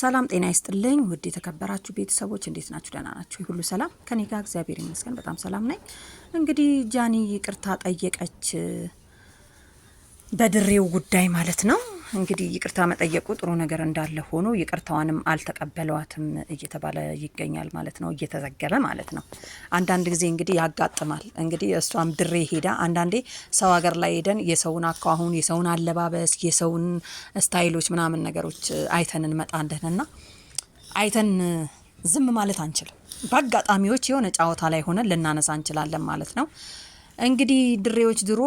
ሰላም ጤና ይስጥልኝ ውድ የተከበራችሁ ቤተሰቦች እንዴት ናችሁ? ደህና ናችሁ? ሁሉ ሰላም ከኔ ጋር እግዚአብሔር ይመስገን በጣም ሰላም ነኝ። እንግዲህ ጃኒ ይቅርታ ጠየቀች በድሬው ጉዳይ ማለት ነው። እንግዲህ ይቅርታ መጠየቁ ጥሩ ነገር እንዳለ ሆኖ ይቅርታዋንም አልተቀበለዋትም እየተባለ ይገኛል ማለት ነው፣ እየተዘገበ ማለት ነው። አንዳንድ ጊዜ እንግዲህ ያጋጥማል። እንግዲህ እሷም ድሬ ሄዳ አንዳንዴ ሰው ሀገር ላይ ሄደን የሰውን አኳኋን፣ የሰውን አለባበስ፣ የሰውን ስታይሎች ምናምን ነገሮች አይተን እንመጣለን እና አይተን ዝም ማለት አንችልም። በአጋጣሚዎች የሆነ ጨዋታ ላይ ሆነን ልናነሳ እንችላለን ማለት ነው። እንግዲህ ድሬዎች ድሮ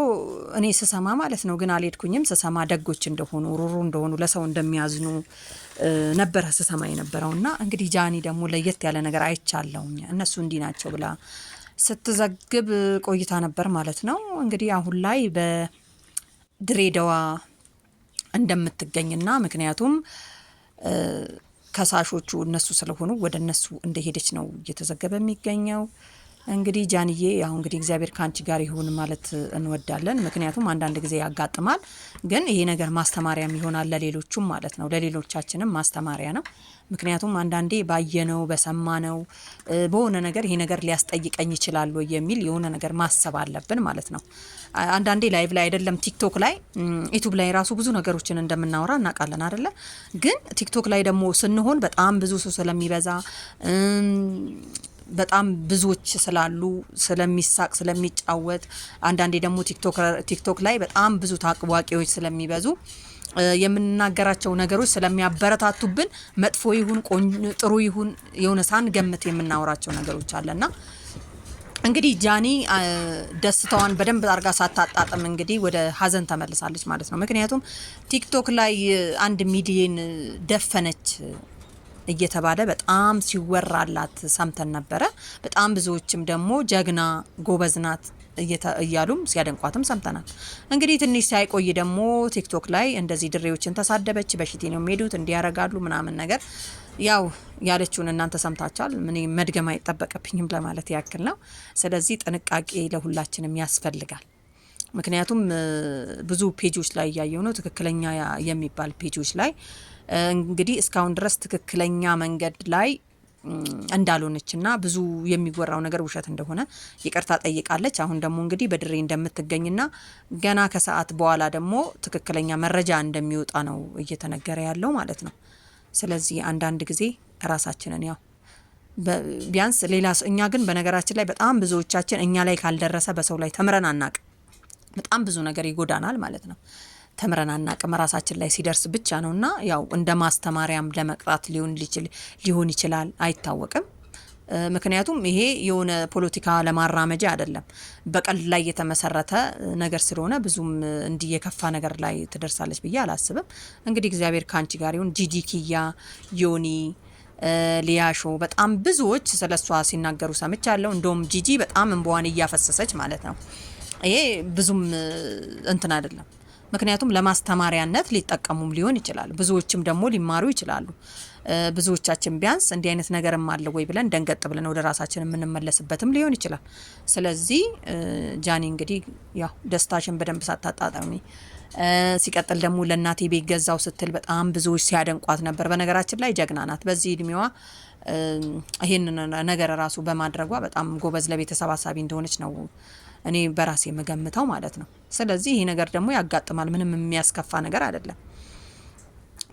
እኔ ስሰማ ማለት ነው፣ ግን አልሄድኩኝም። ስሰማ ደጎች እንደሆኑ ሩሩ እንደሆኑ ለሰው እንደሚያዝኑ ነበረ ስሰማ የነበረው እና እንግዲህ ጃኒ ደግሞ ለየት ያለ ነገር አይቻለውኝ እነሱ እንዲህ ናቸው ብላ ስትዘግብ ቆይታ ነበር ማለት ነው። እንግዲህ አሁን ላይ በድሬዳዋ እንደምትገኝና ምክንያቱም ከሳሾቹ እነሱ ስለሆኑ ወደ እነሱ እንደሄደች ነው እየተዘገበ የሚገኘው። እንግዲህ ጃንዬ ያው እንግዲህ እግዚአብሔር ከአንቺ ጋር ይሁን ማለት እንወዳለን። ምክንያቱም አንዳንድ ጊዜ ያጋጥማል፣ ግን ይሄ ነገር ማስተማሪያም ይሆናል ለሌሎቹም ማለት ነው፣ ለሌሎቻችንም ማስተማሪያ ነው። ምክንያቱም አንዳንዴ ባየነው በሰማነው በሆነ ነገር ይሄ ነገር ሊያስጠይቀኝ ይችላል ወይ የሚል የሆነ ነገር ማሰብ አለብን ማለት ነው። አንዳንዴ ላይቭ ላይ አይደለም ቲክቶክ ላይ ዩቱብ ላይ ራሱ ብዙ ነገሮችን እንደምናወራ እናውቃለን አይደለ? ግን ቲክቶክ ላይ ደግሞ ስንሆን በጣም ብዙ ሰው ስለሚበዛ በጣም ብዙዎች ስላሉ ስለሚሳቅ ስለሚጫወት አንዳንዴ ደግሞ ቲክቶክ ላይ በጣም ብዙ ታዋቂዎች ስለሚበዙ የምንናገራቸው ነገሮች ስለሚያበረታቱብን መጥፎ ይሁን ጥሩ ይሁን የሆነ ሳንገምት የምናወራቸው ነገሮች አለና እንግዲህ ጃኒ ደስታዋን በደንብ አርጋ ሳታጣጥም እንግዲህ ወደ ሀዘን ተመልሳለች ማለት ነው። ምክንያቱም ቲክቶክ ላይ አንድ ሚሊየን ደፈነች እየተባለ በጣም ሲወራላት ሰምተን ነበረ። በጣም ብዙዎችም ደግሞ ጀግና ጎበዝ ናት እያሉም ሲያደንቋትም ሰምተናል። እንግዲህ ትንሽ ሳይቆይ ደግሞ ቲክቶክ ላይ እንደዚህ ድሬዎችን ተሳደበች፣ በሽቴ ነው የሚሄዱት፣ እንዲያረጋሉ ምናምን ነገር ያው ያለችውን እናንተ ሰምታችኋል። ምን መድገም አይጠበቅብኝም ለማለት ያክል ነው። ስለዚህ ጥንቃቄ ለሁላችንም ያስፈልጋል። ምክንያቱም ብዙ ፔጆች ላይ እያየው ነው ትክክለኛ የሚባል ፔጆች ላይ እንግዲህ እስካሁን ድረስ ትክክለኛ መንገድ ላይ እንዳልሆነች ብዙ የሚወራው ነገር ውሸት እንደሆነ ይቅርታ ጠይቃለች። አሁን ደግሞ እንግዲህ በድሬ እንደምትገኝና ገና ከሰዓት በኋላ ደግሞ ትክክለኛ መረጃ እንደሚወጣ ነው እየተነገረ ያለው ማለት ነው። ስለዚህ አንዳንድ ጊዜ ራሳችንን ያው ቢያንስ ሌላ እኛ ግን በነገራችን ላይ በጣም ብዙዎቻችን እኛ ላይ ካልደረሰ በሰው ላይ ተምረን አናቅ። በጣም ብዙ ነገር ይጎዳናል ማለት ነው። ተምረን አናቅም። ራሳችን ላይ ሲደርስ ብቻ ነው እና ያው እንደ ማስተማሪያም ለመቅራት ሊሆን ይችላል አይታወቅም። ምክንያቱም ይሄ የሆነ ፖለቲካ ለማራመጃ አይደለም፣ በቀል ላይ የተመሰረተ ነገር ስለሆነ ብዙም እንዲህ የከፋ ነገር ላይ ትደርሳለች ብዬ አላስብም። እንግዲህ እግዚአብሔር ከአንቺ ጋር ይሁን። ጂጂ ኪያ፣ ዮኒ ሊያሾ በጣም ብዙዎች ስለ እሷ ሲናገሩ ሰምቻለሁ። እንደውም ጂጂ በጣም እንበዋን እያፈሰሰች ማለት ነው። ይሄ ብዙም እንትን አይደለም። ምክንያቱም ለማስተማሪያነት ሊጠቀሙም ሊሆን ይችላል። ብዙዎችም ደግሞ ሊማሩ ይችላሉ። ብዙዎቻችን ቢያንስ እንዲህ አይነት ነገርም አለ ወይ ብለን ደንገጥ ብለን ወደ ራሳችን የምንመለስበትም ሊሆን ይችላል። ስለዚህ ጃኒ እንግዲህ ያው ደስታሽን በደንብ ሳታጣጠሚ ሲቀጥል ደግሞ ለእናቴ ቤት ገዛው ስትል በጣም ብዙዎች ሲያደንቋት ነበር። በነገራችን ላይ ጀግና ናት። በዚህ እድሜዋ ይህንን ነገር ራሱ በማድረጓ በጣም ጎበዝ ለቤተሰብ አሳቢ እንደሆነች ነው እኔ በራሴ የምገምተው ማለት ነው። ስለዚህ ይህ ነገር ደግሞ ያጋጥማል። ምንም የሚያስከፋ ነገር አይደለም።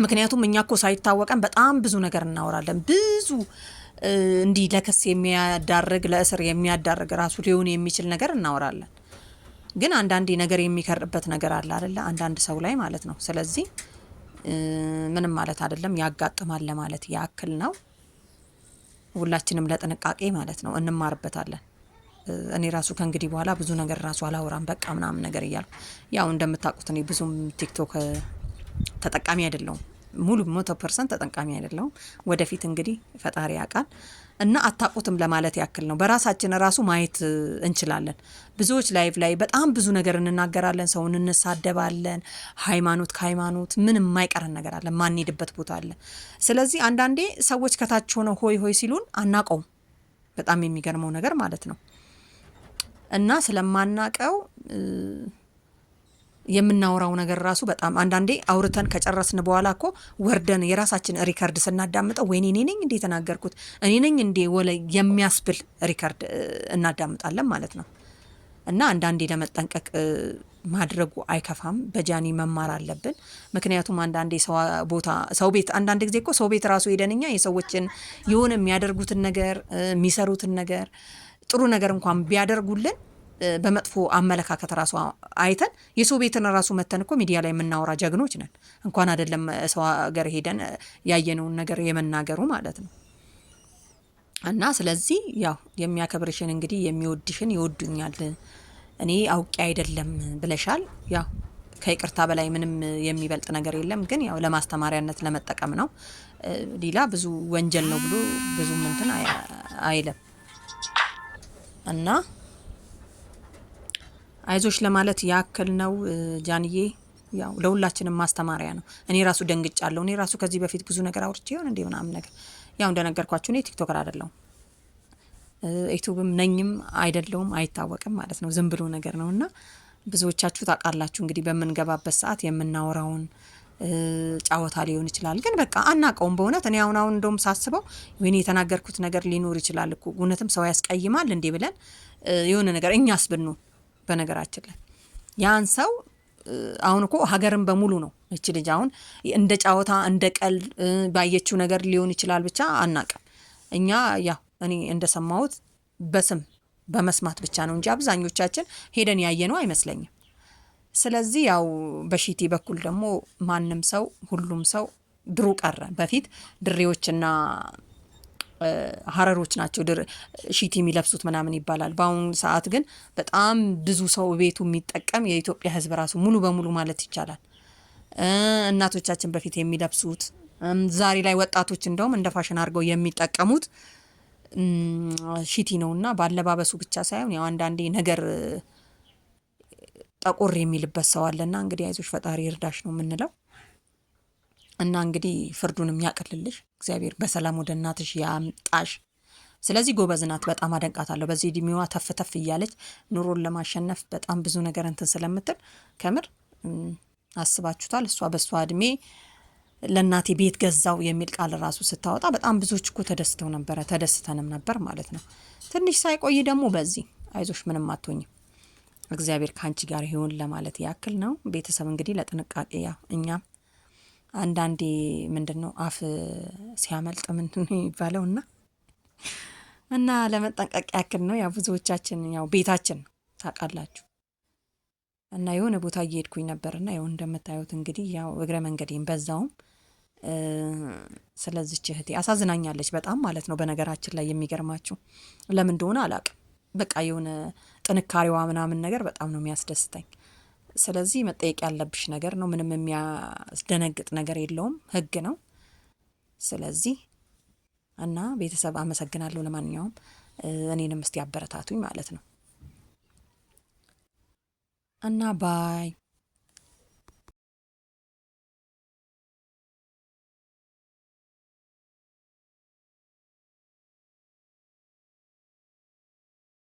ምክንያቱም እኛ ኮ ሳይታወቀን በጣም ብዙ ነገር እናወራለን። ብዙ እንዲህ ለክስ የሚያዳርግ ለእስር የሚያዳርግ ራሱ ሊሆን የሚችል ነገር እናወራለን። ግን አንዳንድ ነገር የሚከርበት ነገር አለ አይደለ? አንዳንድ ሰው ላይ ማለት ነው። ስለዚህ ምንም ማለት አይደለም፣ ያጋጥማል ለማለት ያክል ነው። ሁላችንም ለጥንቃቄ ማለት ነው እንማርበታለን። እኔ ራሱ ከእንግዲህ በኋላ ብዙ ነገር ራሱ አላወራም በቃ ምናምን ነገር እያልኩ ያው እንደምታውቁት እኔ ብዙም ቲክቶክ ተጠቃሚ አይደለውም። ሙሉ መቶ ፐርሰንት ተጠቃሚ አይደለሁም። ወደፊት እንግዲህ ፈጣሪ ያውቃል እና አታውቁትም ለማለት ያክል ነው። በራሳችን ራሱ ማየት እንችላለን። ብዙዎች ላይቭ ላይ በጣም ብዙ ነገር እንናገራለን፣ ሰውን እንሳደባለን። ሃይማኖት ከሃይማኖት ምን የማይቀረን ነገር አለ፣ ማንሄድበት ቦታ አለ። ስለዚህ አንዳንዴ ሰዎች ከታች ሆነው ሆይ ሆይ ሲሉን አናውቀውም። በጣም የሚገርመው ነገር ማለት ነው እና ስለማናውቀው የምናወራው ነገር ራሱ በጣም አንዳንዴ አውርተን ከጨረስን በኋላ እኮ ወርደን የራሳችን ሪከርድ ስናዳምጠው ወይኔ እኔ ነኝ እንዴ የተናገርኩት እኔ ነኝ እንዴ ወለ የሚያስብል ሪከርድ እናዳምጣለን ማለት ነው። እና አንዳንዴ ለመጠንቀቅ ማድረጉ አይከፋም። በጃኒ መማር አለብን። ምክንያቱም አንዳንዴ ቦታ ሰው ቤት አንዳንድ ጊዜ እኮ ሰው ቤት ራሱ ሄደንኛ የሰዎችን የሆነ የሚያደርጉትን ነገር የሚሰሩትን ነገር ጥሩ ነገር እንኳን ቢያደርጉልን በመጥፎ አመለካከት ራሱ አይተን የሰው ቤትን ራሱ መተን እኮ ሚዲያ ላይ የምናወራ ጀግኖች ነን። እንኳን አይደለም ሰው ሀገር ሄደን ያየነውን ነገር የመናገሩ ማለት ነው። እና ስለዚህ ያው የሚያከብርሽን እንግዲህ የሚወድሽን ይወዱኛል እኔ አውቄ አይደለም ብለሻል። ያው ከይቅርታ በላይ ምንም የሚበልጥ ነገር የለም። ግን ያው ለማስተማሪያነት ለመጠቀም ነው። ሌላ ብዙ ወንጀል ነው ብሎ ብዙ ምንትን አይለም እና አይዞች ለማለት ያክል ነው ጃንዬ። ያው ለሁላችንም ማስተማሪያ ነው። እኔ ራሱ ደንግጫለሁ። እኔ ራሱ ከዚህ በፊት ብዙ ነገር አውርቼ ይሆን እንዴ ምናምን ነገር ያው እንደነገርኳችሁ እኔ ቲክቶከር አይደለሁም ዩቱብም ነኝም አይደለውም አይታወቅም ማለት ነው። ዝም ብሎ ነገር ነው እና ብዙዎቻችሁ ታውቃላችሁ እንግዲህ በምንገባበት ሰዓት የምናወራውን ጫወታ ሊሆን ይችላል፣ ግን በቃ አናቀውም በእውነት እኔ አሁን አሁን እንደውም ሳስበው ወይኔ የተናገርኩት ነገር ሊኖር ይችላል እኮ እውነትም ሰው ያስቀይማል እንዴ ብለን የሆነ ነገር እኛስ ብንሆን በነገራችን ላይ ያን ሰው አሁን እኮ ሀገርን በሙሉ ነው እች ልጅ አሁን እንደ ጫወታ እንደ ቀል ባየችው ነገር ሊሆን ይችላል። ብቻ አናቅም እኛ ያው እኔ እንደሰማሁት በስም በመስማት ብቻ ነው እንጂ አብዛኞቻችን ሄደን ያየነው አይመስለኝም። ስለዚህ ያው በሺቲ በኩል ደግሞ ማንም ሰው ሁሉም ሰው ድሩ ቀረ በፊት ድሬዎችና ሀረሮች ናቸው ድር ሺቲ የሚለብሱት ምናምን ይባላል። በአሁኑ ሰዓት ግን በጣም ብዙ ሰው ቤቱ የሚጠቀም የኢትዮጵያ ሕዝብ ራሱ ሙሉ በሙሉ ማለት ይቻላል እናቶቻችን በፊት የሚለብሱት ዛሬ ላይ ወጣቶች እንደውም እንደ ፋሽን አድርገው የሚጠቀሙት ሺቲ ነው እና በአለባበሱ ብቻ ሳይሆን ያው አንዳንዴ ነገር ጠቆር የሚልበት ሰው አለና እንግዲህ አይዞሽ ፈጣሪ እርዳሽ ነው የምንለው። እና እንግዲህ ፍርዱንም ያቅልልሽ እግዚአብሔር በሰላም ወደ እናትሽ ያምጣሽ። ስለዚህ ጎበዝ ናት፣ በጣም አደንቃታለሁ። በዚህ እድሜዋ ተፍ ተፍ እያለች ኑሮን ለማሸነፍ በጣም ብዙ ነገር እንትን ስለምትል ከምር አስባችሁታል። እሷ በእሷ እድሜ ለእናቴ ቤት ገዛው የሚል ቃል ራሱ ስታወጣ በጣም ብዙዎች እኮ ተደስተው ነበረ፣ ተደስተንም ነበር ማለት ነው። ትንሽ ሳይቆይ ደግሞ በዚህ አይዞሽ፣ ምንም አትሆኝም፣ እግዚአብሔር ከአንቺ ጋር ይሆን ለማለት ያክል ነው። ቤተሰብ እንግዲህ ለጥንቃቄ ያ እኛም አንዳንዴ ምንድን ነው አፍ ሲያመልጥ ምንድን ነው የሚባለው እና እና ለመጠንቀቅ ያክል ነው። ያው ብዙዎቻችን ያው ቤታችን ነው ታውቃላችሁ። እና የሆነ ቦታ እየሄድኩኝ ነበር እና ያው እንደምታዩት እንግዲህ ያው እግረ መንገዴን በዛውም ስለዚች እህቴ አሳዝናኛለች በጣም ማለት ነው። በነገራችን ላይ የሚገርማችሁ ለምን እንደሆነ አላውቅም። በቃ የሆነ ጥንካሬዋ ምናምን ነገር በጣም ነው የሚያስደስተኝ። ስለዚህ መጠየቅ ያለብሽ ነገር ነው። ምንም የሚያስደነግጥ ነገር የለውም። ህግ ነው። ስለዚህ እና ቤተሰብ አመሰግናለሁ። ለማንኛውም እኔንም እስቲ አበረታቱኝ ማለት ነው እና ባይ